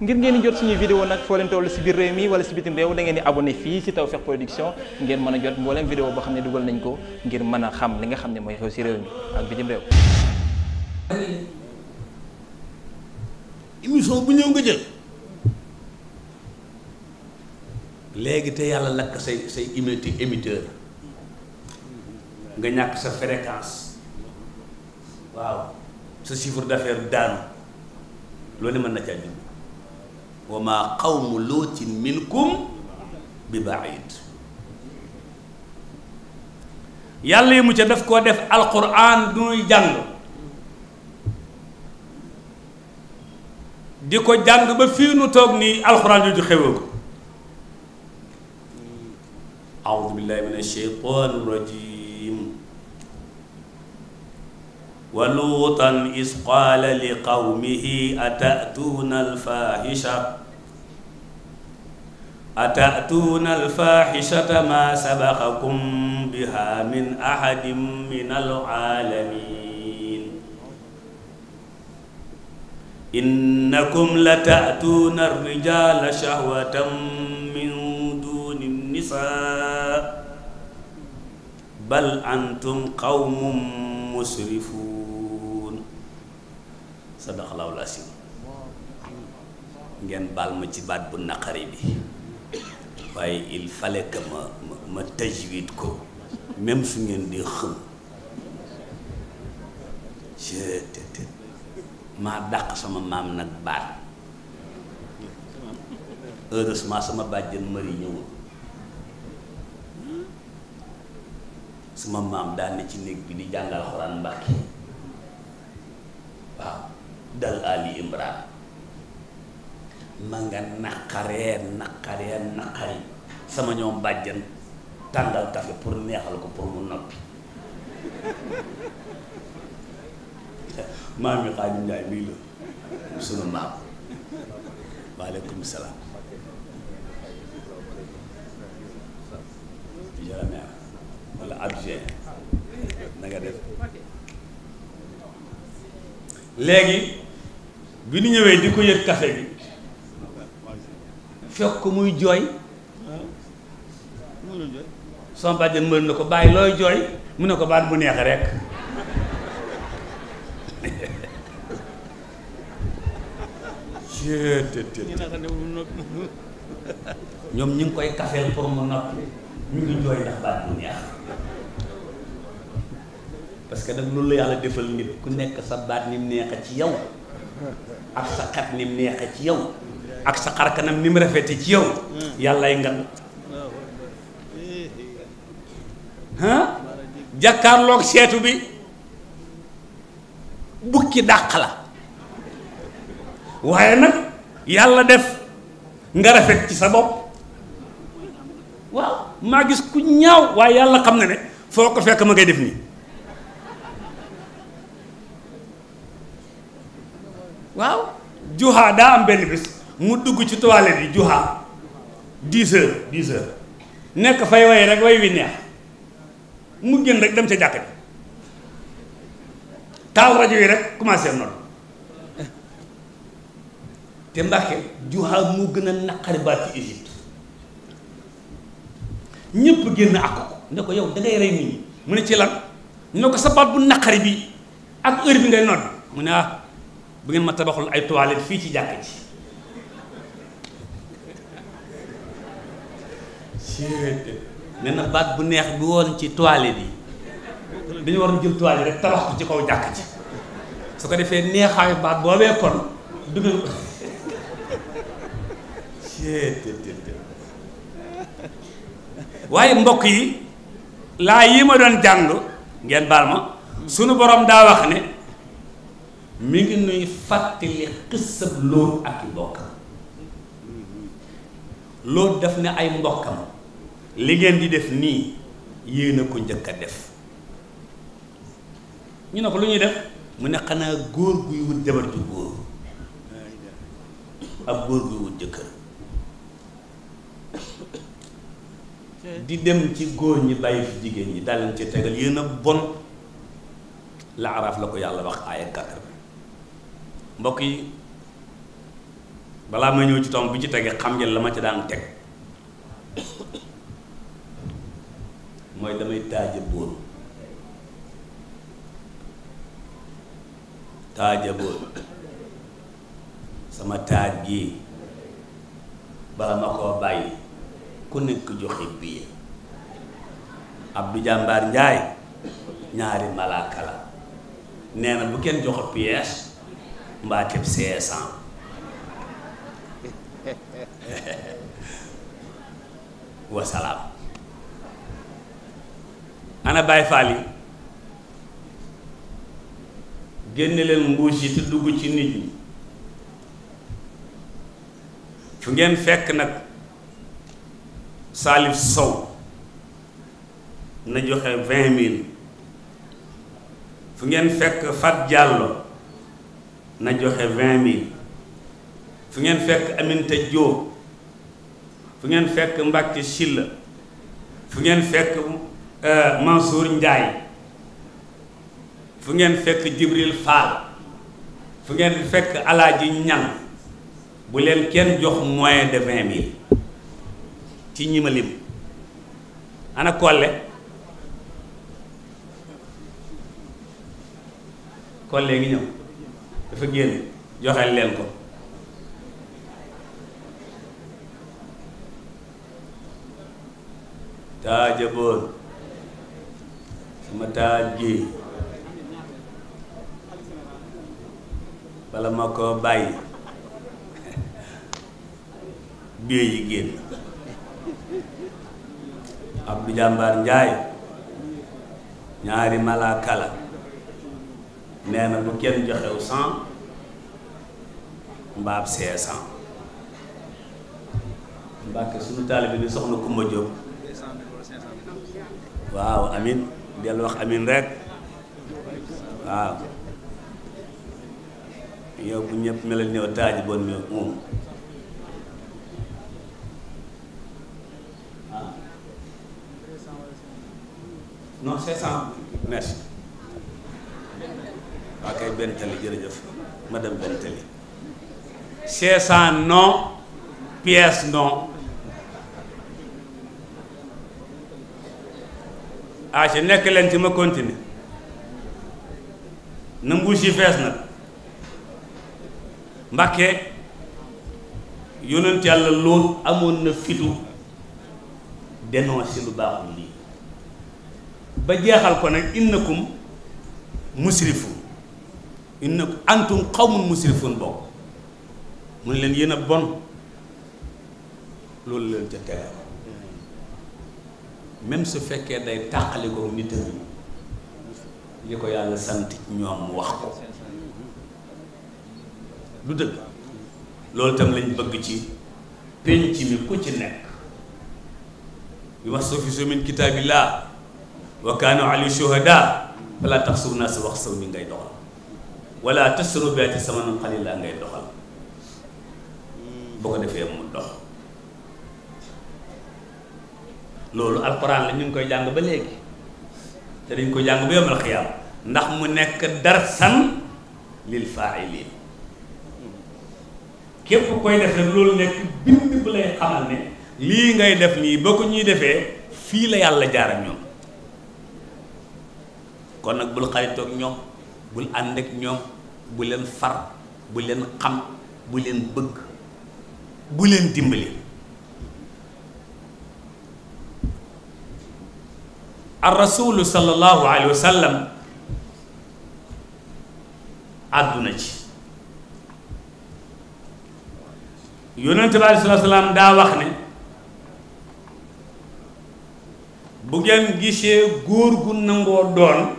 ngir ngeen di jot suñuy vidéo nag foo leen toll si biir réew mi wala si bitim réew da ngeen di abonné fii si Tawfekh Production ngeen mën a jot mbooleem vidéo boo xam ne dugal nañ ko ngir mën a xam li nga xam ne mooy xew si réew mi ak bitim réew. émission bu ñëw nga jël léegi te yàlla lakk say say émiti émetteur nga ñàkk sa fréquence waaw sa chiffre d'affaires daanu loolu mën na caa wa ma qawmu luutin minkum bi baid yàlla yi mu ca daf koo def alquran du ñuy jàng di ko jàng ba fii nu toog nii alquran jooju xewee ko aoudu billahi min alsheytan rajim ولوطا إذ قال لقومه أتأتون الفاحشة أتأتون الفاحشة ما سبقكم بها من أحد من العالمين إنكم لتأتون الرجال شهوة من دون النساء بل أنتم قوم مسرفون sadaqallaahu l-asiim ngeen baal ma ci baat bu naqari bi waaye il fallait que ma ma tajwid ko même su ngeen di xëm te maa dàq sama maam nag baat heureusement sama bàjjen mari ñëwul sama maam daal ne ci néeg bi di jàngal xuraan Mbàkke dal Ali Imran ma nga naqaree naqaree naqari sama ñoom bàjjan tàngal kafe pour neexal ko pour mu noppi maam yi Xaadim Njaay mii la sunu maam waaleykum salaam jërëjëf def léegi bi ñu ñëwee di ko yët café bi fekk ko muy jooy sama bàjjen mën na ko bàyyi looy jooy mu ne ko baat bu neex rek ñoom ñu ngi koy kafeel pour mu noppi ñu ngi jooy ndax baat bu neex parce que nag loolu la yàlla defal nit ku nekk sa baat ni neex ci yow ak sa xet ni neexe ci yow ak sa xarkanam ni mu rafete ci yow yàllay nga ah jàkkaarloog seetu bi bukki dàq la waaye nag yàlla def nga rafet ci sa bopp waaw maa gis ku ñaaw waaye yàlla xam ne ne foo ko fekk ma ngay def nii waaw juha daa am benn bis mu dugg ci toilette yi juha dix heures dix heures nekk fay way rek way wi neex mu génn rek dem ca jàkk bi taal rajo yi rek commencé noonu te Mbàkke juha mu gën a naqari baat ci Égypte ñépp génn àkk ko ne ko yow da rey nit ñi mu ne ci lan ñu sa baat bu naqari bi ak heure bi ngay nodd mu ne ah bu ngeen ma tabaxul ay toilettes fii ci jàkk ji nee baat bu neex bi woon ci toilettes yi dañu waroon jël toilette rek tabax ko ci kaw jàkk ji su ko defee neexaayu baat boobee kon dugal ko waaye mbokk yi laa yi ma doon jàng ngeen baal ma sunu borom daa wax ne mi ngi nuy fàttali xisab lóot ak i mbokkam lóot daf ne ay mbokkam li ngeen di def nii yéen a ko njëkk a def ñu ne ko lu ñuy def mu ne xanaa góor guy wut jabar ju góor ak góor guy wut jëkkër di dem ci góor ñi bàyyi fi jigéen ñi daal leen ci tegal yéen a bon la araf la ko yàlla wax aaya quatre mbokk yi balaa ma ñëw ci tomb bi ci tege xam ngeen la ma ci daan teg mooy damay taaja bóon taaja bóon sama taaj gi bala ma koo bàyyi ku nekk joxe biir Abdou Jàmbaar Njaay ñaari malaaka la nee na bu kenn joxe pièce mbaateb CSA wasalaam ana Baay Faal yi génne leen mbuus yi te dugg ci nit ñi fu ngeen fekk nag Salif Sow na joxe vingt mille fu ngeen fekk Fat Diallo na joxe vingt mille fu ngeen fekk Aminta Diop fu ngeen fekk Mbacke Sylla fu ngeen fekk euh, Mansour Ndiaye fu ngeen fekk Jibril Fall fu ngeen fekk Alaaji Ñang bu leen kenn jox moyen de vingt mille ci ñi ma ana Kolle Kolle ngi ñëw fa génne joxel leen ko taajaboon boon sama taaj gi bala ma ko bàyyi biir yi génn Abdou Jàmbaar Njaay ñaari malaaka la na bu kenn joxew cent mbaab 500 mbàkke suñu taalibe bi soxna Kumba Jóob waaw amin dellu wax amin rek waaw yow bu ñëpp melal ñëw taaji bon mi moom ah. non 500 merci waa kay benn tali jërëjëf madame benn 500 non pièce non ah ci nekk leen ci ma continuer na mbuus yi fees nag Mbàkke yonent yàlla loolu amoon na fitu dénoncé lu baaxul lii ba jeexal ko nag innakum musrifun innakum antum qawmun musrifun bokk mun leen yéen a bon loolu leen ca tegal même su fekkee day tàqali ko nit li ko yàlla sant ñoom wax ko du dëgg loolu tam lañ bëgg ci penc mi ku ci nekk bi wax sofisu min kitaabillah wa kaanu ali shuhada fala tax suur naa si wax saw ni ngay doxal wala tasru sama samanan qalila ngay doxal boo ko defee mu dox loolu alxuraan la ñu ngi koy jàng ba léegi te dañ ko jàng ba yombal xiyaam ndax mu nekk darsan lil faailiin képp koy def rek loolu nekk bind bu lay xamal ne lii ngay def nii boo ko ñuy defee fii la yàlla jaar ñoom kon nag bul xaritoog ñoom bul ànd ak ñoom bu leen far bu leen xam bu leen bëgg bu leen dimbali ar rasulu sallallahu alayhi wa sallam àdduna ci yonente bi salaam daa wax ne bu ngeen gisee góor gu nangoo doon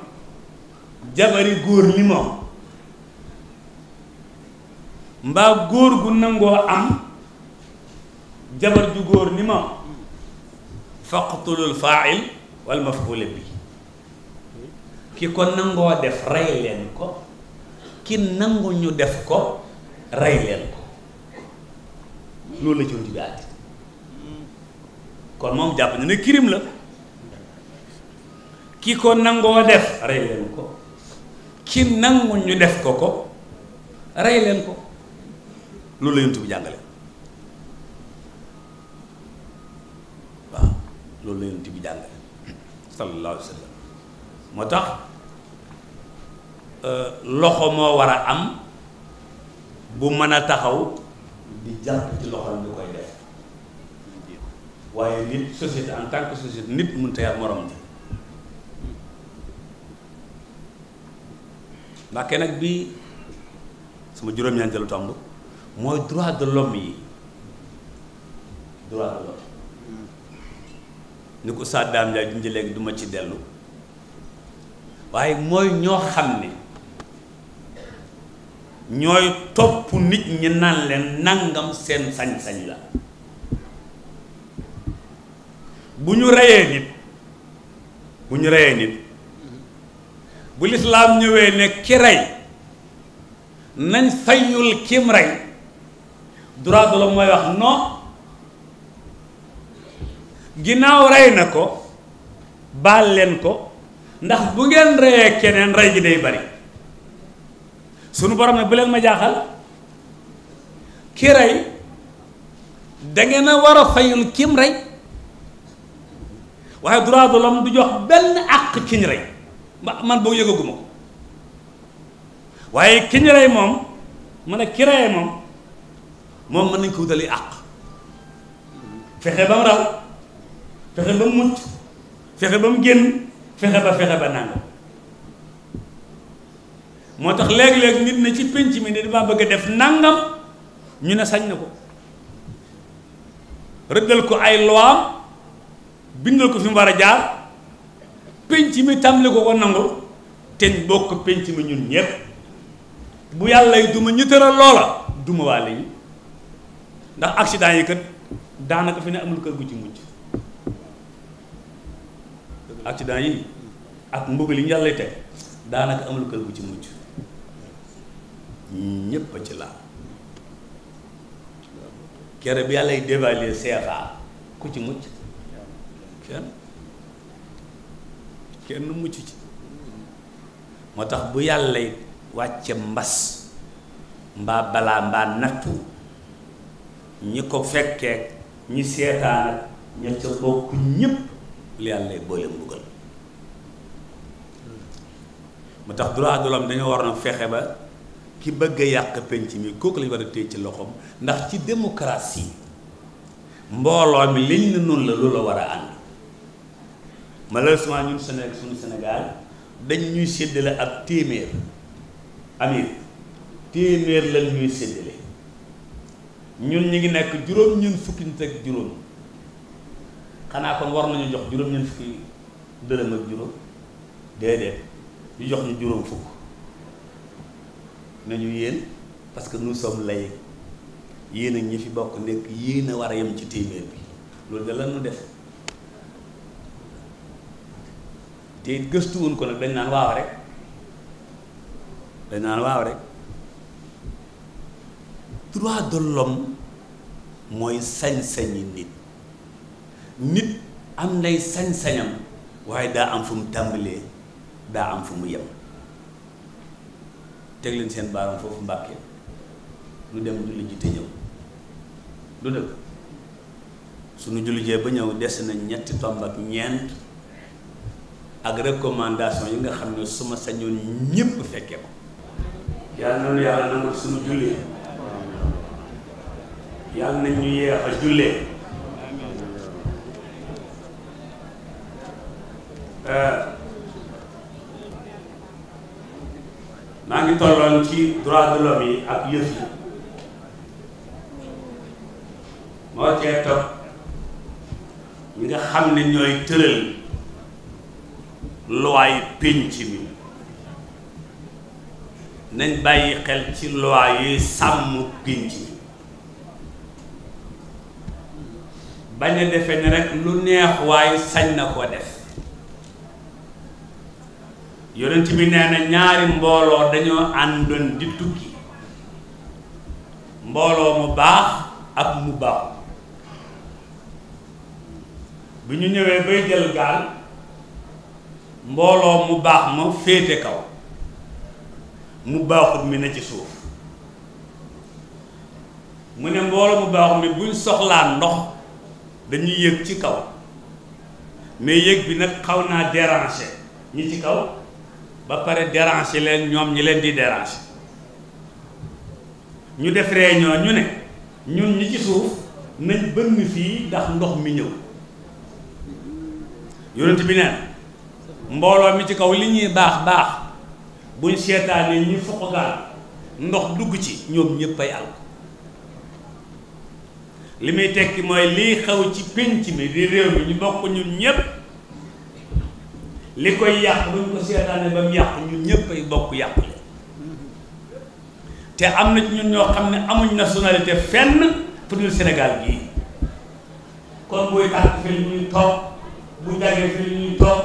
jabari góor li moom mbaa góor gu nangoo am jabar ju góor ni ma faqtulul faail wal mafula bi ki ko nangoo def ko ki nangu ñu def ko rey leen ko kon moom jàpp na kirim la ki ko nangoo def rey leen ko ki nangu ñu def ko ko rey leen ko loolu la yontu bi jàngale loolu la yonent bi jàngale sallallahu alayhi moo tax euh, loxo moo war a am bu mën a taxaw di jàpp ci loxol bi koy def waaye nit société en tant que société nit mun te yar morom ji Mbàkke nag bi sama juróom lu tomb mooy droit de l'homme yi droit de l'homme ni ko Saddaam Njaay junj léegi duma ci dellu waaye mooy ñoo xam ne ñooy topp nit ñi naan leen nangam seen sañ-sañ la bu ñu reyee nit bu ñu reyee nit bu lislaam ñëwee ne ki rey nañ fayul kim rey droit de mooy wax non ginnaaw rey na ko baal leen ko ndax bu ngeen reyee keneen rey gi day bari sunu borom ne bu leen ma jaaxal ki rey dangeen a war a fayul kim rey waaye droit de l'homme du jox benn àq kiñ rey ma man boo yëgaguma ko waaye kiñ rey moom mu ne ki reyee moom moom mën nañ ko wutali àq fexe ba mu raw fexe ba mu mucc fexe ba mu génn fexe ba fexe ba nangam moo tax léeg-léeg nit na ci pénc mi ne dama bëgg a def nangam ñu ne sañ na ko rëddal ko ay loi bindal ko fi mu war a jaar pénc mi tàmbali ko ko nangu te bokk pénc mi ñun ñépp bu yàlla yi duma ñu tëral loola duma waale yi ndax accident yi kat daanaka fi ne amul kër gu ci mujj accident yi ak mbugal yi ñu yàlla teg daanaka amul kër bu ci mucc ñépp a ci laal kere bi yàlla dévaluer CFA ku ci mucc kenn kenn mucc ci moo tax bu yàlla wàcce mbas mbaa balaa mbaa nattu ñi ko fekkee ñi seetaan ña ca bokk ñépp li yàlla boole mbugal mu tax droit de l'homme dañoo war na fexe ba ki bëgg a yàq penc mi kooku lañu war a téye ci loxoom ndax ci démocratie mbooloo mi liñ ne noonu la loolu la war a ànd malheureusement ñun Sénégal suñu dañ ñuy séddale ab téeméer amir téeméer lañ ñuy séddale ñun ñu ngi nekk juróom ñun fukki nit ak juróom xanaa kon war nañu jox juróom-ñeent fukki dërëm ak juróom déedéet ñu jox ñu juróom fukk nañu yéen parce que nous sommes yéen ak ñi fi bokk nekk yéen a war a yem ci téeméer bi loolu de lan nu def te it gëstuwuñ ko nag dañ naan waaw rek dañ naan waaw rek droit de l'homme mooy sañ-sañi nit nit am nay sañ-sañam waaye daa am fu mu tàmbalee daa am fu mu yem teg leen seen baaram foofu mbàkke lu dem julli ji te ñëw du dëkk suñu julli jee ba ñëw des na ñetti tomb ak ñeent ak recommandation yi nga xam ne suma ma sañoon ñépp fekke ko yàlla nanu yàlla nangul suñu julli yàlla nañ ñu yeex a jullee Euh, maa ngi tolloon ci droit de l'homme yi ak yëf yi moo cee topp nga xam ne ñooy tëral luwaay pénc mi nañ bàyyi xel ci loi yi sàmm pénc mi bañ a defe ne rek lu neex waaye sañ na ko def yonent bi nee na ñaari mbooloo dañoo àndoon di tukki mbooloo mu baax ak mu baaxul bu ñu ñëwee bay jël gaal mbooloo mu baax ma féete kaw mu baaxut mi na ci suuf mu ne mbooloo mu baaxut mi buñ soxlaa ndox dañuy yëg ci kaw mais yëg bi nag xaw naa déranger ñi ci kaw ba pare déranger leen ñoom ñi leen di déranger ñu def réunion ñu ne ñun ñi ci suuf nañ bënn fii ndax ndox mi ñëw yonent bi neen mbooloo mi ci kaw li ñuy baax baax buñ seetaanee ñu foqogaal ndox dugg ci ñoom ñëpp ay li muy tekki mooy lii xaw ci pénc mi di réew mi ñu bokk ñun ñëpp li koy yàq buñ ko seetaane ba mu yàq ñun ñëpp ay bokk yàq la te am na ci ñun ñoo xam ne amuñ nationalité fenn fu dul Sénégal gii kon buy tàkk fi la ñuy toog bu jagee fi la ñuy toog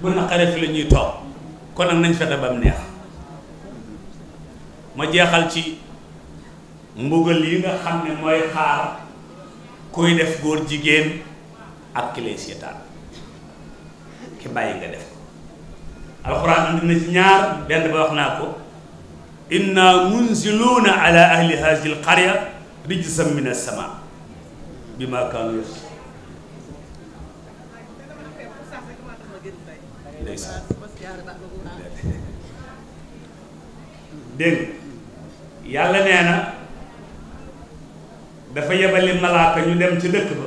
bu naqaree fi la ñuy kon nag nañ fexe ba mu neex ma jeexal ci mbugal yi nga xam ne mooy xaar kuy def góor jigéen ak ki seetaan ki bàyyi nga def alxuraan andi na ci ñaar benn ba wax naa ko inna munziluuna ala ahli haadihi alqarya rijsan min as-samaa bima kaanu yas dégg yàlla nee na dafa yebali malaaka ñu dem ci dëkk ba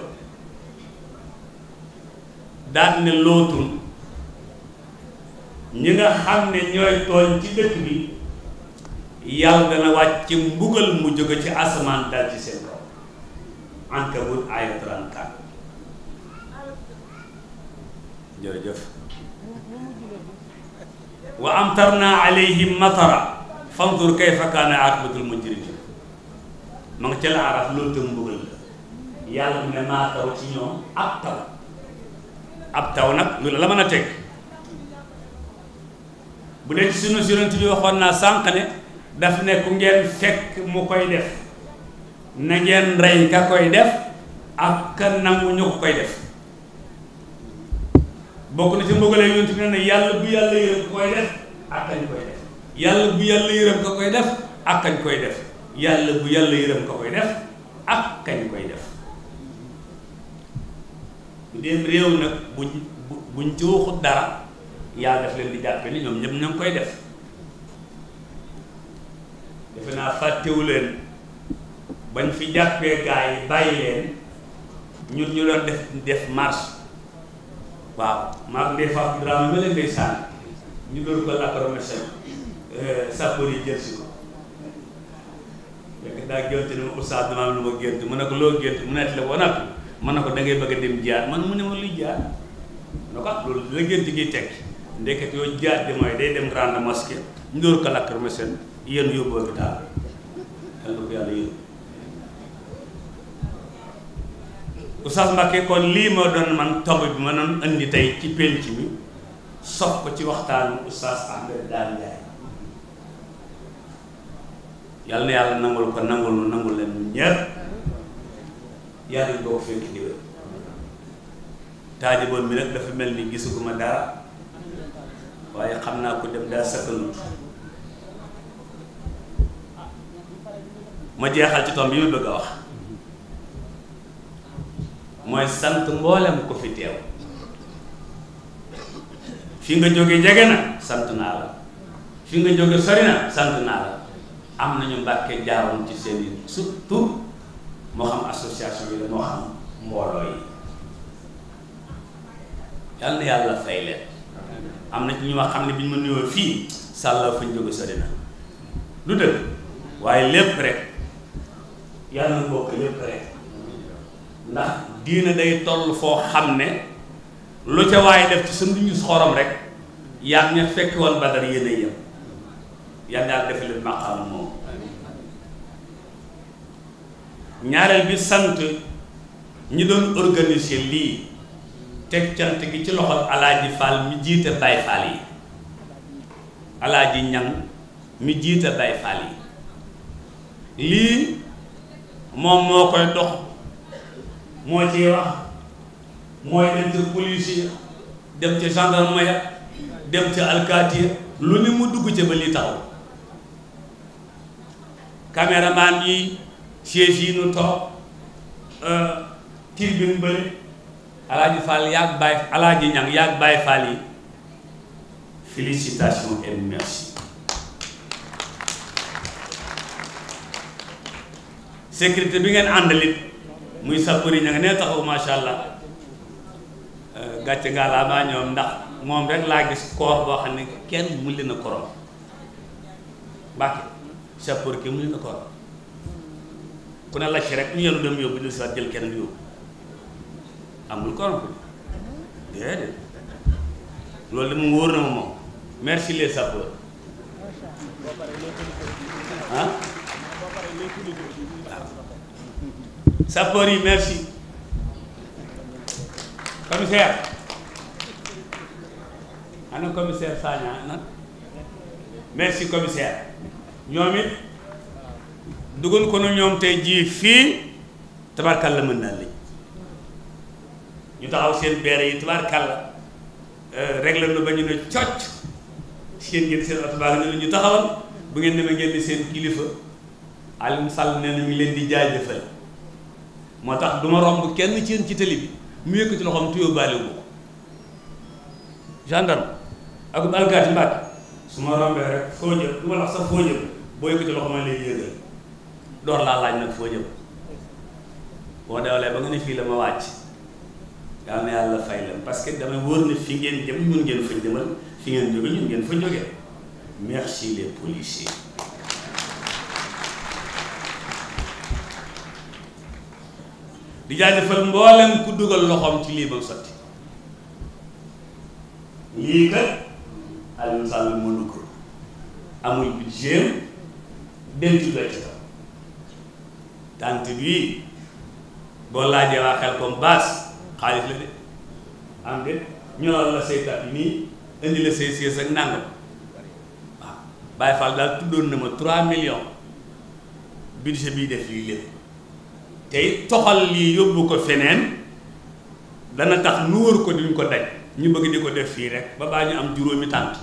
daan ne lootun ñi nga xam ne ñooy tooñ ci dëkk bi yàlla dana wàcc mbugal mu jóg ci asamaan dal ci seen kaw Ankabut aaya 34 jërëjëf wa amtarna alayhim matara fanzur kayfa kaana aaqibatul mujrimin ma nga ca la araf loolu tam mbugal la yàlla mu ne maa taw ci ñoom ab taw ab taw nag lu la la mën a teg bu dee ci sunu yonent bi waxoon naa sànq ne daf ne ku ngeen fekk mu koy def na rey ka koy def ak ka nangu ñu ko koy def bokk na ci mbugalee yonent bi ne yàlla bu yàlla yërëm ka koy def ak kañ koy def yàlla bu yàlla yërëm ka koy def ak kañ koy def yàlla bu réew nag buñ buñ ci waxut dara yàlla daf leen di jàppe ni ñoom ñëpp ña koy def defe naa fàttewu leen bañ fi jàppee gaa yi bàyyi leen ñun ñu doon def def marche waaw maag ndey fa drame ma leen day sànn ñu doon ko lacromation euh, sapeur yi jël si ko léegi daa génte ni ma oustaz dama am lu ma gént mu ne ko loo gént mu nett la ko nag ma ne ko da ngay bëgg a dem jaar man mu ne ma luy jaar mu ne ko ah loolu la gént gi tekki ndeket yooyu jaat bi mooy day dem grande mosquée ñu ko lakkar ma seen yéen yóbbu hôpital yàlla ko yàlla yóbbu Oustaz Mbacké lii ma doon man tomb bi ma doon indi tey ci penc mi sof ko ci waxtaan Oustaz Ahmed Daam Ndiaye yàlla na yàlla nangul ko nangul nangul leen mu ñër yàlla ñu boo fekk diwé taajiboon mi nag dafa mel ni gisuguma dara waaye xam naa ko dem daa sakkanut ma jeexal ci tomb bi ma bëgg a wax mooy sant mboolem ko fi teew fi nga jóge jege na sant naa la fi nga jóge sori na sant naa la am nañu mbàkke jaaroon ci seen i surtout moo xam association yi la moo xam mbooloo yi yal na yàlla fay leen am na ci ñu ma xam ne bi ñu ma nuyoo fii sàlla fañ jóge sori na lu dëgg waaye lépp rek yàlla na bokk lépp rek ndax diina day toll foo xam ne lu ca waaye def ci sunu ñu xorom rek yaa ña fekk woon badar yéen a yem yal daal defe leen moom ñaareel bi sant ñi doon organiser lii teg cant gi ci loxol alaaji Fall mi jiite Baay Fall yi alaaji Ñang mi jiite Baay Fall yi lii moom moo koy dox moo ciy wax mooy dem ci police yi dem ci gendarmerie dem ci alkaati lu ni mu dugg ca ba li taxaw caméraman yi siège yi nu toog euh, tribune bëri alaaji Fall yaag Baye alaaji Ñang yaag Baye Fall yi félicitations et sécurité bi ngeen àndalit muy sapori ña nga nee taxaw macha allah euh, gàcce ngaalaamaa ñoom ndax moom rek laa gis koor boo xam ne kenn mulli na korom Mbàkke sapori ki mulli na korom ku ne lacc rek ñu yenu dem yóbbu ñu si jël kenn yóbbu amul corompe déedéet loolu dama wóor na moom merci les sapeurs ah sapeurs yi merci commissaire ana commissaire Sagna nag merci commissaire ñoom it dugal ko ñoom tey jii fii tabarkal la mën naa ñu taxaw seen beere yi tubaarkàlla euh, régler lu ba ñu ne cocc seen ngeen seen oto baa ngi ne ñu taxawal bu ngeen demee ngeen di seen kilifa Alioune Sall nee na ñu leen di jaajëfal moo tax du ma romb kenn ci yéen ci télé bi mu yëkkati loxoom tuyoo baale wu ko gendarme ak alkaati Mbàkke su ma rombee rek foo du ma la sax foo boo yëkkati loxo ma lay yëgal door laa laaj nag foo jëm boo dawalee ba nga ne fii la ma wàcc. yàlla yàlla fay leen parce que dama wóor ne fi ngeen jëm ñun ngeen fa jëmal fi ngeen jóge ñun ngeen fa jóge merci les policiers. di jaajëfal mboolem ku dugal loxoom ci lii ba sotti lii kat Aliou Sall mënu ko amul budget denc la ci kaw tant bi boo laajee waa xel comme base. xaalis la de am de ñoral la say nii indi la say siis ak nangam waaw ah, Baye Fall daal tuddoon na ma 3 millions budget bii def lii lépp tey toxal lii yóbbu ko feneen dana tax nu wër ko duñ ko daj ñu bëgg di ko def fii rek ba baa ñu am juróomi tànt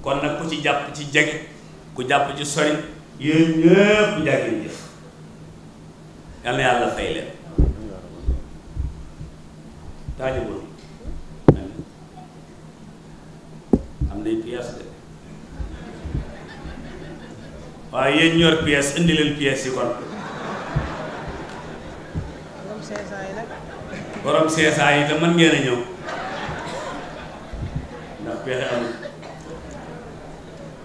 kon nag ku ci jàpp ci jege ku jàpp ci sori yéen ñëpp njàggeen jëf yal yàlla fay leen taajaboo am nay pièces de waaye yéen ñor pièces indi leen pièces kon borom seesaa yi te mën ngeen a ndax pexe amul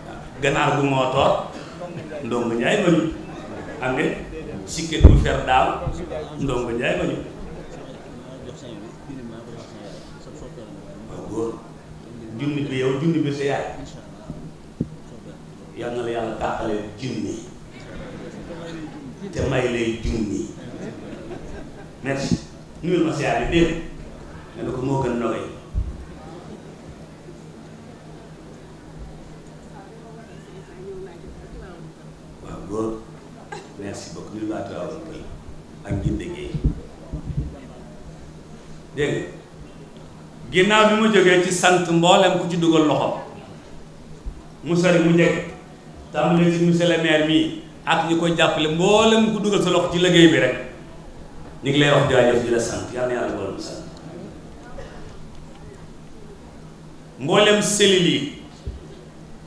ah, ganaar bu moo toor ndongo njaay ba ñu am ne sikket bu fer daaw ndongo njaay ba ñu góor jullit bi yow junni bi sa yaay yal na la yàlla tàqalee junni te may lay junni merci nuyul ma sa yaay bi dégg nga ne ko moo gën nogay waaw góor merci beaucoup ñu waa Tivaouane Peulh ak Ndinde Gueye dégg nga ginnaaw bi ma jógee ci sant mbooleem ku ci dugal loxo musari mu njëkk tàmbale ci mu le maire mii ak ñi koy jàppale mboolem ku dugal sa loxo ci liggéey bi rek ñu ngi lay wax jaajëf di la yi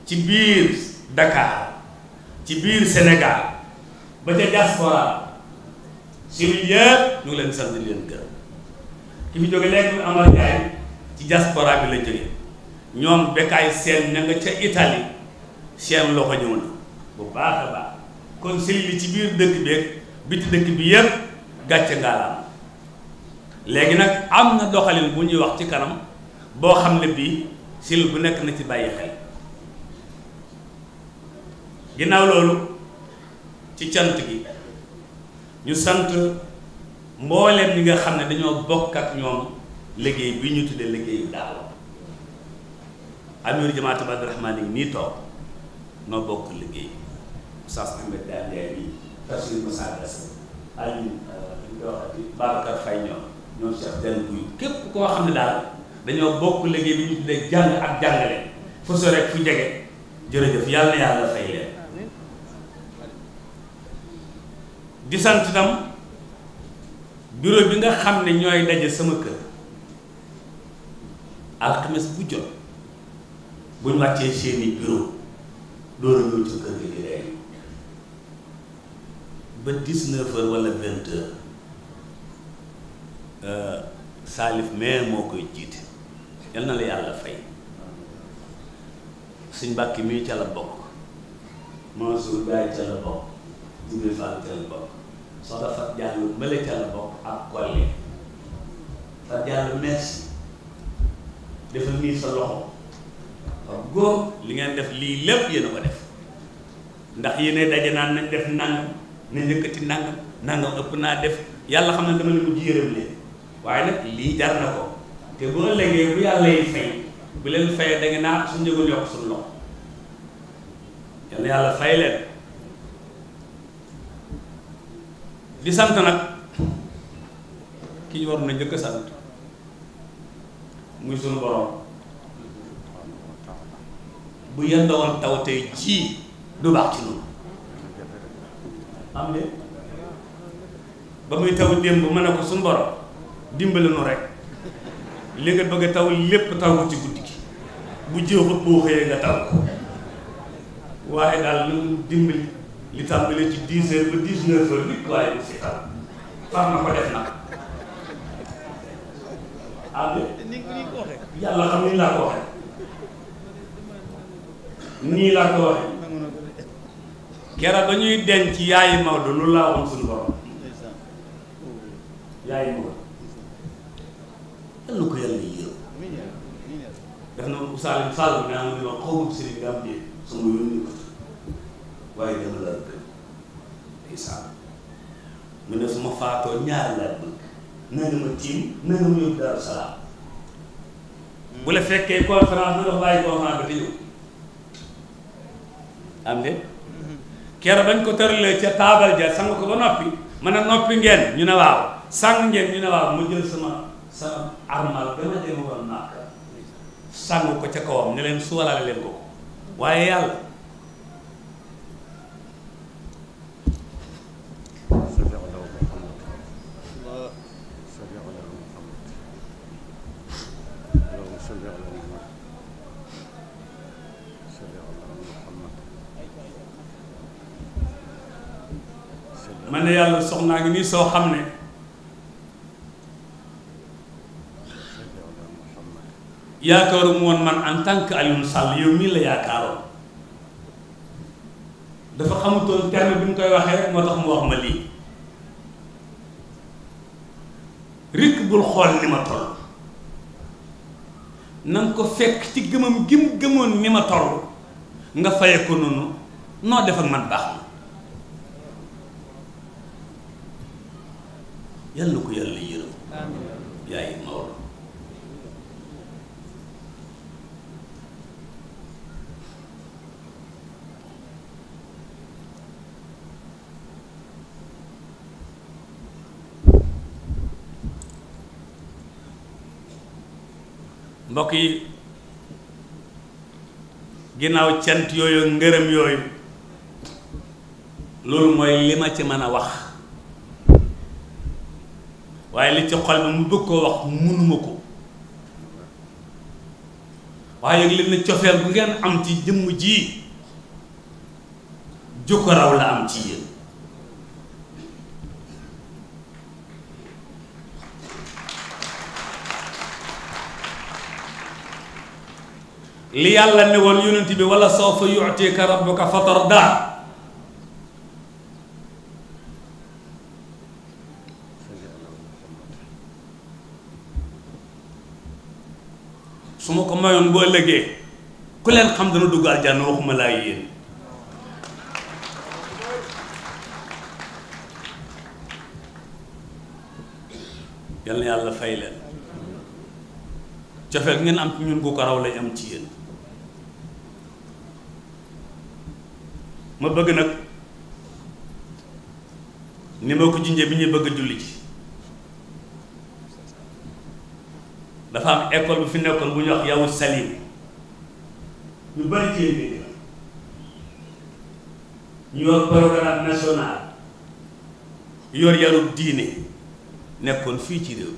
ci biir Dakar ci biir Sénégal ba ca diaspora cellules yëpp ñu leen sant di leen gërëm ki fi jóge léegi Amar Ndiaye ci diaspora bi la jógee ñoom Bécaye Sène na nga ca itali seen loxo ñëw na bu baax a baax kon sëriñ bi ci biir dëkk beeg biti dëkk bi yëpp gàcce ngaalaam léegi nag am na doxalin bu ñuy wax ci kanam boo xam ne bii sëriñ bu nekk na ci bàyyi xel ginnaaw loolu ci cant gi ñu sant mboolem ñi nga xam ne dañoo bokk ak ñoom. liggéey bi ñu tuddee liggéeyu daaw amiru jamaatu Badou Rahman yi nii toog noo bokk liggéey Oustaz Ahmed Daal Ndiaye nii tafsir Moussa Gassé Aliou euh, li ñoom ñoom Cheikh Diagne Bouy képp koo xam ne daal dañoo bokk liggéey bi ñu tuddee jàng ak jàngale fu rek fu jege jërëjëf yàlla na yàlla fay leen di sant itam bureau bi nga xam ne ñooy daje sama kër alxames bu jot buñ wàccee seeni bureau door a ci kër gi di ba dix-neuf heures wala vingt euh, moo koy jiit yal na la yàlla fay suñ mbàkki mii ca la bokk Mansour Baye ca la bokk Jibril Fall ca la bokk soxna Fat Diallo mbële ca la bokk ak Kolle Fat Diallo merci defal nii sa loxo waaw góor li ngeen def lii lépp yéen a ko def ndax yéen daje naan nañ def nangam nañ yëkkati nangam nangam ëpp naa def yàlla xam ne dama ne mujj yërëm leen waaye nag lii jar na ko te bu ëllëgee bu yàlla yi fay bu leen fayee da naa suñ njëgul yokk suñu loxo yàlla yàlla fay leen di sant nag ki war na njëkk a sant muy sunu borom bu yendoo woon taw tey jii du baax ci loolu am de ba muy taw démb mën na ko sunu borom dimbali nu rek li nga bëgg a taw lépp taw ko ci guddi gi bu jeexut boo xëyee nga taw ko waaye daal lu dimbali li tàmbalee ci dix ba dix neuf heures waaye bu si taw far na ko def nag am de yàlla xam nii laa ko waxee nii laa ko waxee keroog dañuy denc yaayu Maodo loolu laa waxoon suñu borom yaayu Maodo yàlla ko yàlla yërëm def na mu Salim Sall bi naan li ma xawma Serigne bi am waaye dama laa gëm ndeysaan mu ne su ma faatoo ñaar laa bëgg na ma tiim na nga yóbbu Daaru Salaam bu la fekkee conférence bi dafa bàyyi conférence ba te ñëw am de keroog bañ ko tëralee ca taabal ja sang ko ba noppi mën a noppi ngeen ñu ne waaw sang ngeen ñu ne waaw ma jël sama sa armal ba ma woon naa sang ko ca kawam ne leen suwalaale leen ko waaye yàlla ne yàlla soxnaa ngi nii soo xam ne yaakaaru mu woon man en tant que Alioune Sall yow mii la yaakaaroon dafa xamutoon terme bi mu koy waxee moo tax mu wax ma lii rekk bul xool ni ma toll na ko fekk ci gëmam gim gëmoon ni ma toll nga faye ko noonu noo def ak man baax na yàlla ko yàlla yërëm yaayi Maodo mbokk yi ginnaaw cent yooyu ngërëm yooyu loolu mooy li ma ci mën a wax waaye li ci xol bi mu bëgg koo wax mënuma ko waaye yëg leen ne cofeel bu ngeen am ci jëmm ji ju ko raw la am ci yéen li yàlla ne woon yonent bi wala sawfa yu'tika rabbuka fatardaa mayoon boo ëllëgee ku leen xam dana dugg aljanna waxuma laa yéen yal na yàlla fay leen cofeel ngeen am ci ñun gu ko raw lañ am ci yéen ma bëgg nag ni ma ko jinjee bi ñuy bëgg julli ji dafa am école bu fi nekkoon bu ñuy wax yow Salim ñu bari jéem bi ñu yor programme national yor yarub diine nekkoon fii ci réew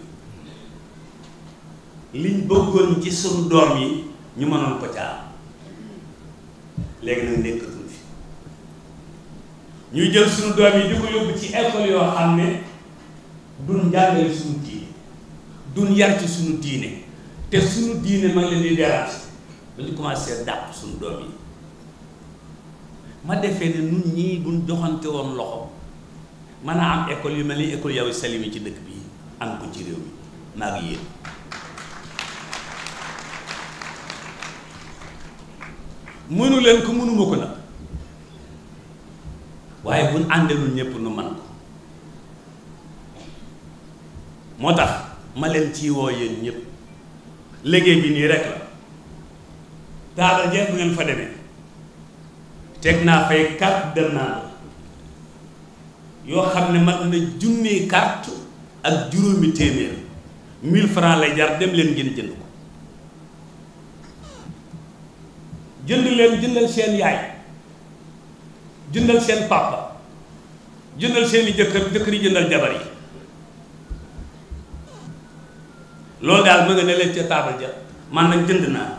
liñ bëggoon ci suñu doom yi ñu mënoon ko ca am léegi nag nekkatuñ fi ñuy jël suñu doom yi di ko yóbbu ci école yoo xam ne du jàngale suñu diine duñ yar ci suñu diine te sunu diine ma ngi leen di déranger ba ñu commencé dàq suñu doom yi ma defee ne nun ñii buñ joxante woon loxo man a am école yu mel ni yow Yawwi Salim yi ci dëkk bi am ko ci réew mi maa ngi yéen ko mënuma ko nag waaye buñ àndelul ñépp nu man ko moo tax ma leen ci woo yéen ñëpp bi nii rek la daara jeex bu ngeen fa deme teg naa fay carte demande yoo xam ne ma na junni carte ak juróomi téeméer 1000 francs lay jar dem leen ngeen jënd ko jënd leen jëndal seen yaay jëndal seen papa jëndal seeni jëkkër jëkkër yi jëndal jabar yi loolu daal mën nga ne leen ca taabal ja man nag jënd naa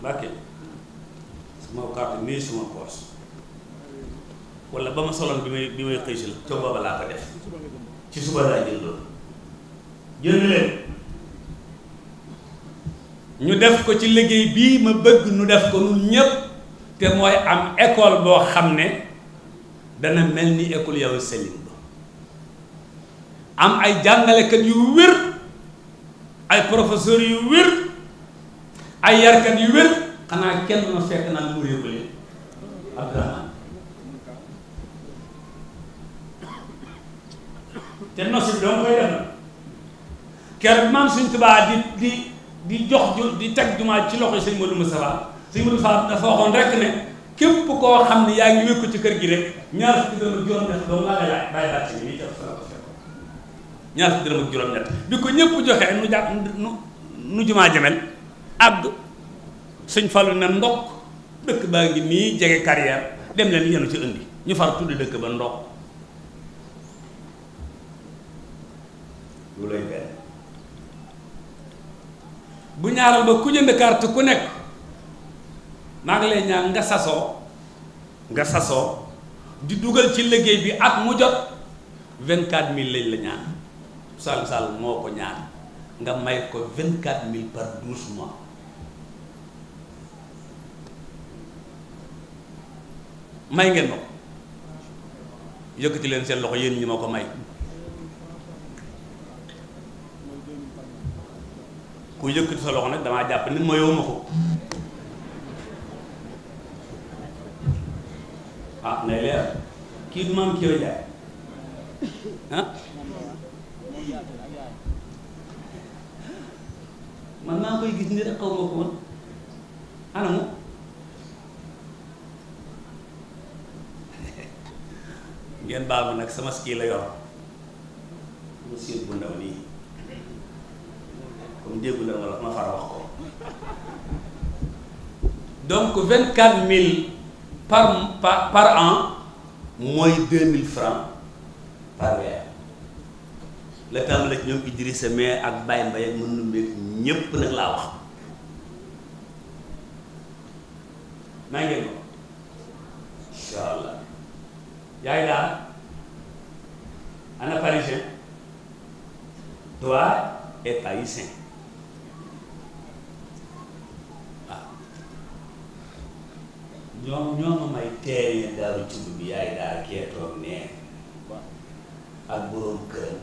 mbàkke sama carte nii suma poos wala ba ma solon bi may bi may xëy si la ca booba laa ko def ci suba laa jënd jënd leen ñu def ko ci liggéey bii ma bëgg nu def ko nun ñépp te mooy am école boo xam ne dana mel ni école yow Selim am ay jàngalekat yu wér ay professeurs yu wér ay yarkat yu wér xanaa kenn ma fekk naa mu réew leen Abdourahmane te nosi bi dama koy def ker maam suñ tubaa di di di jox ju di teg jumaa ci loxo sëñ Modou Moustapha sëñ Modou Moustapha dafa waxoon rek ne képp koo xam ne yaa ngi wékku ci kër gi rek ñaar fukki doon juróom def doo ngaa lay laaj bàyyi laaj ci nii ñaar fukki dërëm ak juróom-ñett bi ko ñëpp joxee nu jàpp nu nu jumaa jamel àgg sëñ falu ne ndokk dëkk baa ngi nii jege carrière dem leen yenu ci ñu far tudd dëkk ba ndokk looloy benn bu ñaaral ba ku jënd carte ku nekk maa ngi lay ñaan nga sasoo nga sasoo di dugal ci liggéey bi ak mu jot vingt-quatre mille lañ la ñaan Sall Sall moo ko ñaan nga may ko vingt quatre mille par douze mois may ngeen ma ko yëkkati leen seen loxo yéen ñi ma ko may ku yëkkati sa loxo nag damaa jàpp nit ma ma ko ah nay leer kii du ma am kii jaay ah yii man maa koy gis ni rek xaw ma ko woon anamu ngeen baal ma nag sama ski la yor mu siir bu ndaw nii comme déggu la wala ma far wax ko donc vingt quatre mille par par an mooy deux mille francs par weer la tàmbale ci ñoom Idrissa mais ak Baye Mbaye ak mën numbeeg ñépp nag laa wax naa ngeen ko insha allah yaay daal ana parisien toi et parisien waaw ñoom ñoom a may teeye daalu cib bi yaay daal kee toog nee ak boroom këram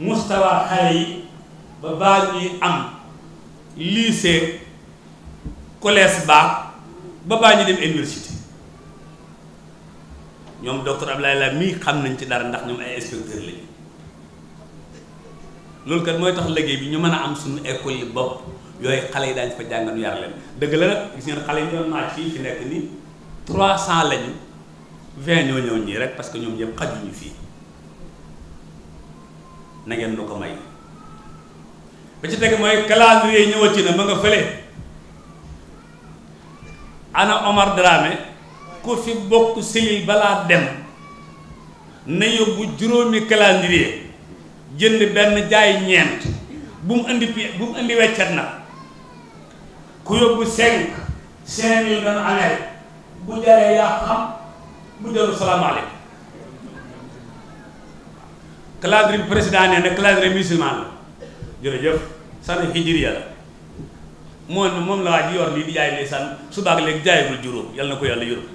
mustawa xale yi ba baa ñuy am lycée collège ba ba baa ñu dem université ñoom docteur Abdoulaye la mii xam nañ ci dara ndax ñoom ay inspecteur lañu loolu kat mooy tax liggéey bi ñu mën a am suñu école yi bopp yooyu xale yi daañu fa jàng nu yar dëgg la nag gis ngeen xale yi doon naaj fii fi nekk nii 300 lañu 20 ñoo ñëw ñii rek parce que ñoom ñëpp xajuñu fii. na ngeen nu ko may ba ci teg mooy calendrier ñëwati na ma nga fële ana Omar Dramé ku fi bokk sili balaa dem na yóbbu juróomi calendrier jënd benn jaay ñeent bu mu indi pi bu mu indi weccat na ku yóbbu cinq cinq mille dana amee bu jaree yaa xam bu jaru salaamaaleykum cadre bi président nee na cadre musulman la jërëjëf sànni hijriya la moom moom la waa ji yor lii di jaay ndeysaan suba ak léegi jaayagul juróom yàlla na ko yàlla juróom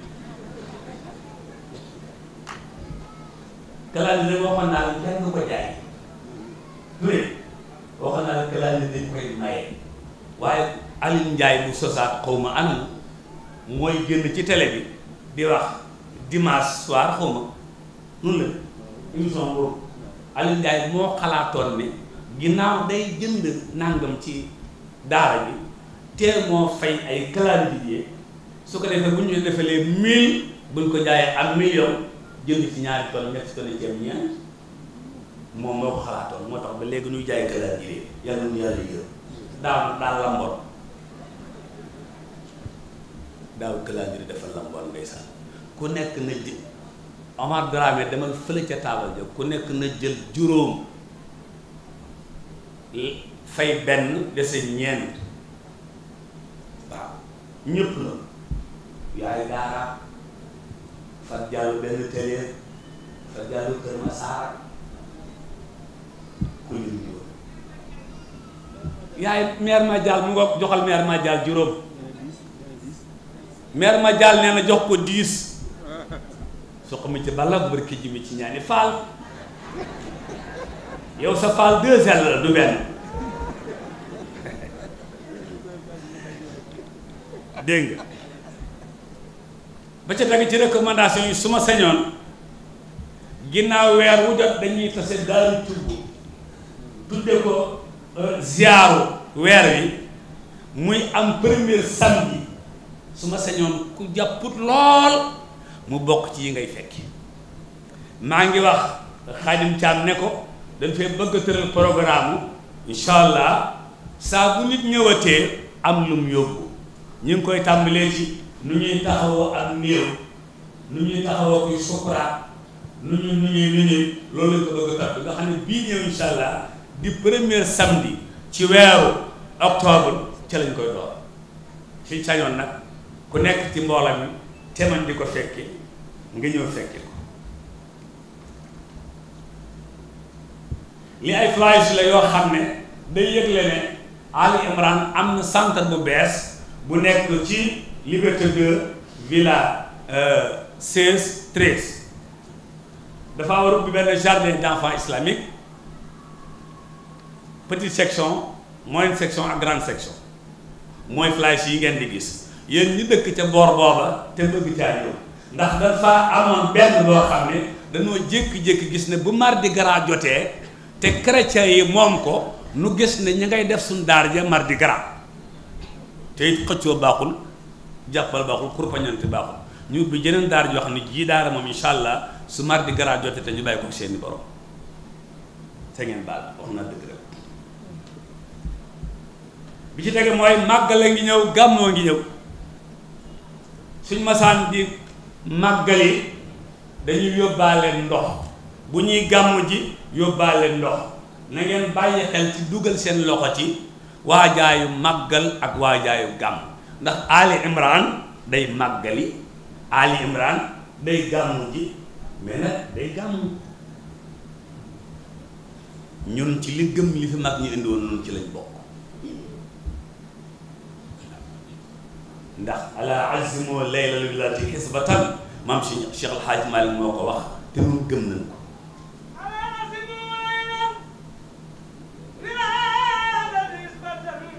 kalaal ko jaay du ne naa la kalaal la dañ koy maye waaye Alioune Ndiaye mu sosaat xaw anam mooy génn ci télé bi di wax dimanche soir xaw ma noonu la émission boobu Alioune moo xalaatoon ne ginnaaw day jënd nangam ci daara bi te moo fay ay clarifier su ko defee bu ñu defalee mille buñ ko jaayee ak million jënd ci ñaari tonne ñetti tonne ceeb ñeent moom moo ko xalaatoon moo tax ba léegi ñuy jaay clarifier yàlla nu yàlla yërëm daaw daal lamboon daaw clarifier dafa lamboon ndeysaan ku nekk na jë Omar Dramé demal fële ca taabal ja ku nekk na jël juróom fay benn dese ñeent waaw ñëpp la yaay daara fat jàllu benn tëleer fat jàllu kër ma saara ku lim juróom yaay meer ma jàll mu nga joxal meer ma jàll juróom meer ma jàll nee jox ko diis soo mi ci ballak barki ji mi ci ñaani faal yow sa faal deux ailes la du benn dégg ba ca teg ci recommandation yi su ma sañoon ginnaaw weer wu jot dañuy tase daal tubb tudde ko euh, ziyaaru weer wi muy am premier samedi su ma sañoon ku jàpput lool mu bokk ci yi ngay fekki maa ngi wax Xaadim Caam ne ko dañ fee bëgg a tëral programme incha allah saa bu nit ñëwatee am lum yóbbu ñu ngi koy tàmbalee ci nu ñuy taxawoo ak néew nu ñuy taxawoo kuy sukuraat nu ñu nu ñuy nu loolu lañ ko bëgg a tàpp nga xam ne bii ñëw incha allah di premier samedi ci weeru octobre ca lañ koy door fi sañoon nag ku nekk ci mboolam mi te man di ko fekki nga ñëw fekki ko li ay flyers la yoo xam ne day yëgle ne Ali Imran am na centre bu bees bu nekk ci Liberté 2 villa 16 euh, 13 dafa war ubbi benn jardin d'enfants islamique petite section moyenne section ak grande section mooy flyers yi ngeen di gis yéen ñu dëkk ca boor booba te bëgg caa ñëw ndax dafa amoon benn loo xam ne dañoo jékki-jékki gis ne bu mardi gras jotee te chrétien yi moom ko nu gis ne ñi ngay def suñ daar ja mardi gras te it xëccoo baaxul jàppal baaxul kurpañante baaxul ñu bi jeneen daar joo xam ne jii daara moom incha allah su mardi gras jotee te ñu bàyyi ko seeni borom te ngeen baal wax naa dëgg rek bi ci tege mooy màggale ngi ñëw gàmmoo ngi ñëw suñ masaan di màggali dañuy yóbbaale ndox bu ñuy gàmm ji yóbbaale ndox na ngeen bàyyi xel ci dugal seen loxo ci waajaayu màggal ak waajaayu gàmm ndax Ali Imran day màggali Ali Imran day gàmm ji day gàmm ñun ci li gëm li fi mag ñu indiwoon noonu ci lañ bokk ndax ala azimoo laylal wilaati xisbatan maam si Cheikh El Hadj moo ko wax te ñun gëm nañ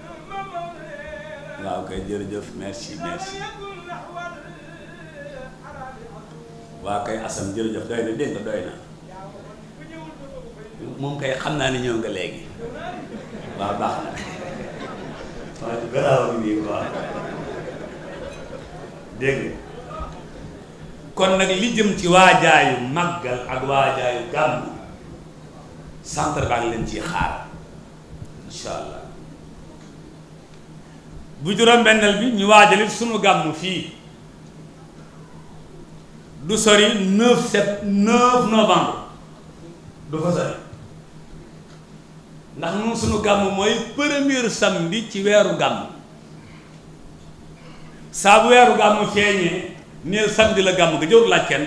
ko waaw kay jërëjëf merci merci kay asam jërëjëf doy na dégg nga doy na moom kay xam naa ni ñëw nga léegi waaw baax na waaw garaaw bi nii dégg kon nag li jëm ci waajaayu màggal ak waajaayu gàmmu centre baa ngi leen ciy xaar incha allah bu juróom-benneel bi ñu waajalit sunu gàmmu fii du sori 9 sept 9 novembre du fa sori ndax ñun sunu gàmmu mooy premier samedi ci weeru gàmmu saa bu weeru gàmmu feeñee neel samedi la gàmm ga jëwru laaj kenn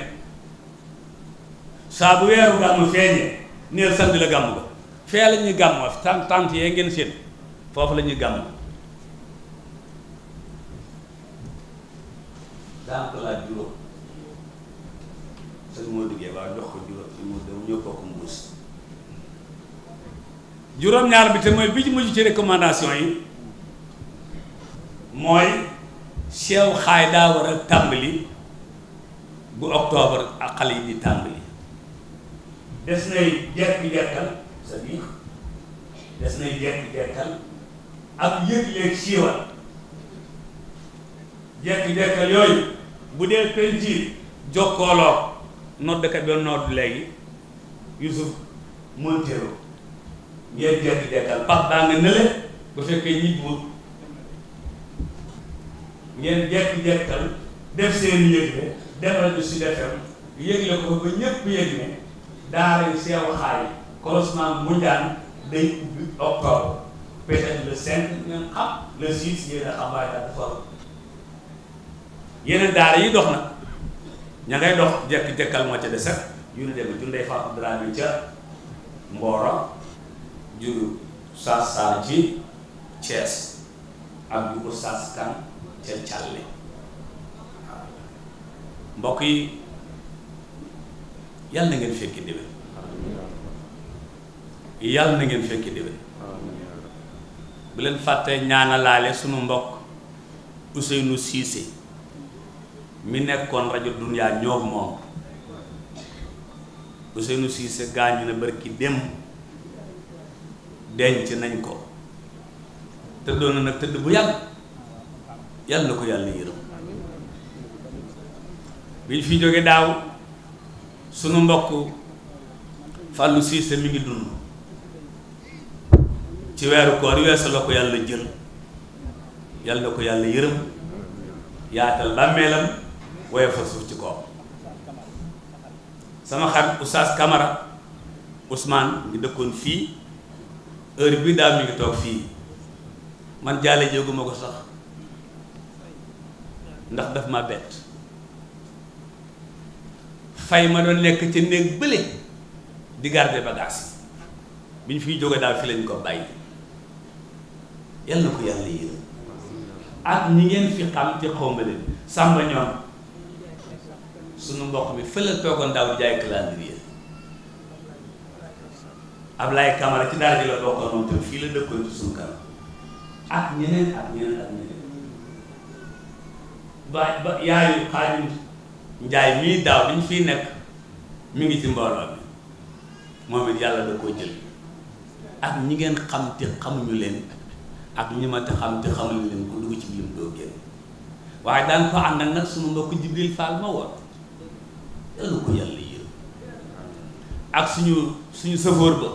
saa bu weeru gàmmu feeñee neel samedi la gàmm ga fee la ñuy tant tant yee ngeen seen foofu lañuy ñuy gàmm daan ko laaj juróom sëñ moo duggee waaw jox ko juróom ci mu dem ñëw bokk mbuus juróom-ñaar bi te mooy bi mujj ci recommandation yi mooy seew xaay daa war a tàmbali bu octobre ak xale yi di tàmbali des nay jekk-jekkal sa biir des nay jekk-jekkal ak yëg-yëg siiwal jekk-jekkal yooyu bu dee peinture jokkooloo noddkat bi nodd léegi Youssouf Montero ngeen jekk-jekkal pap baa nga nële bu fekkee ñi buur ngeen jekk-jekkal def seen yëgle defal ñu Sud FM yëgle ko ba ñëpp yëg ne daara yu seew xaay croisement Moundiane day ubbi octobre peut-être le cinq ngeen xam le six yéen a xam waaye daal dafa daara yi dox nag ña ngay dox jekk-jekkal moo ca des ak yu ne dem jundey fa Abdoulaye ca Mboro juru sas sar ci Thiès ak ju ko sas kan ca càlle waaw mbokk yi yàlla na ngeen fekki déwén yàlla na ngeen fekki déwén bu leen fàtte ñaanalaale sunu mbokk Ousseynou Cissé mi nekkoon rajo Dunya ñoo moom Ousseynou Cissé gaañu na barki dem denc nañ ko tëddoon na nag tëdd bu yàgg yàlla na ko yàlla yërëm biñ fi jóge daaw sunu mbokk Fallou Cissé mi ngi dund ci weeru koor weesu la ko yàlla jël yàlla na ko yàlla yërëm yaatal làmmeelam woye fa suuf ci kaw sama xarit Oustaz Camara Ousmane ngi dëkkoon fii heure bi daal mi ngi toog fii man jaale jéeguma ko sax ndax daf ma bett fay ma doon nekk ca néeg bële di garder bagage bi ñu fiy jóge daal fi lañ ko bàyyi yàlla na ko yàlla yërëm ak ñi ngeen fi xam te xaw ma sàmba ñoom sunu mbokk mi fële toogoon daaw jaay calendrier Ablaye Camara ci daara ji la bokkoon moom tam fii la dëkkoon sunu kanam ak ñeneen ak ñeneen ak ñeneen ba ba yaayu xaadim njaay mii daaw dañ fi nekk mu ngi ci mbooloo bi moom it yàlla da ko jël ak ñi ngeen xam te xamuñu leen ak ñi ma te xam te xamuñu leen ku dugg ci biir doo génn waaye daan ko ànd ak nag suñu mbokk Jibril Fall ma woon yàlla ko yàlla yërëm ak suñu suñu sëfoor ba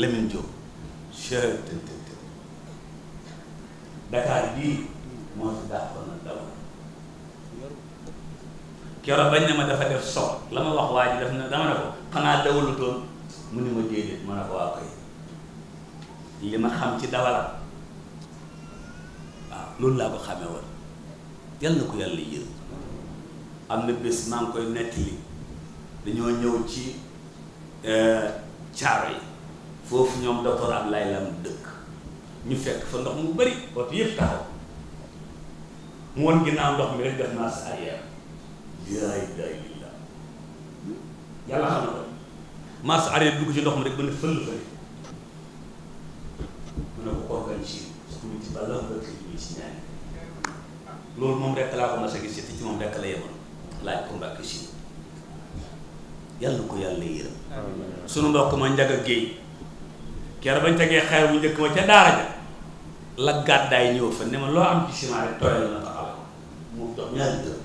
Lamine Diop Dakar bii moo si dàqoon keroog bañ ne ma dafa def sox la ma wax waa ji daf na dama ne ko xanaa dawalu mu ni ma déedéet ma ne ko waa koy li ma xam ci dawalam waaw loolu laa ko xamee woon yal na ko yàlla yërëm am na bés maa ngi koy nettali dañoo ñëw ci eh, caaro yi foofu ñoom docteur Abdoulaye Lam dëkk ñu fekk fa ndox mu bari oto yëpp taxaw mu woon ginnaaw ndox mi rek naa sa arrière yaa yàlla xam na ko maas arrêté dugg ci ndox mi rek ba ne fël fële mu ne ko kookan ci suñu ci loolu moom rek laa ko mas a gis ci moom rek la yemoon laaj ko mbàkk si yàlla ko yàlla yërëm suñu mbokk ma njag a géey keroog bañ tegee xeer bu njëkk ma ca daara ja la gàddaay ñëw fa ne ma loo am ci ciment rek tooyal na taxawal moom jox ñaari dërëm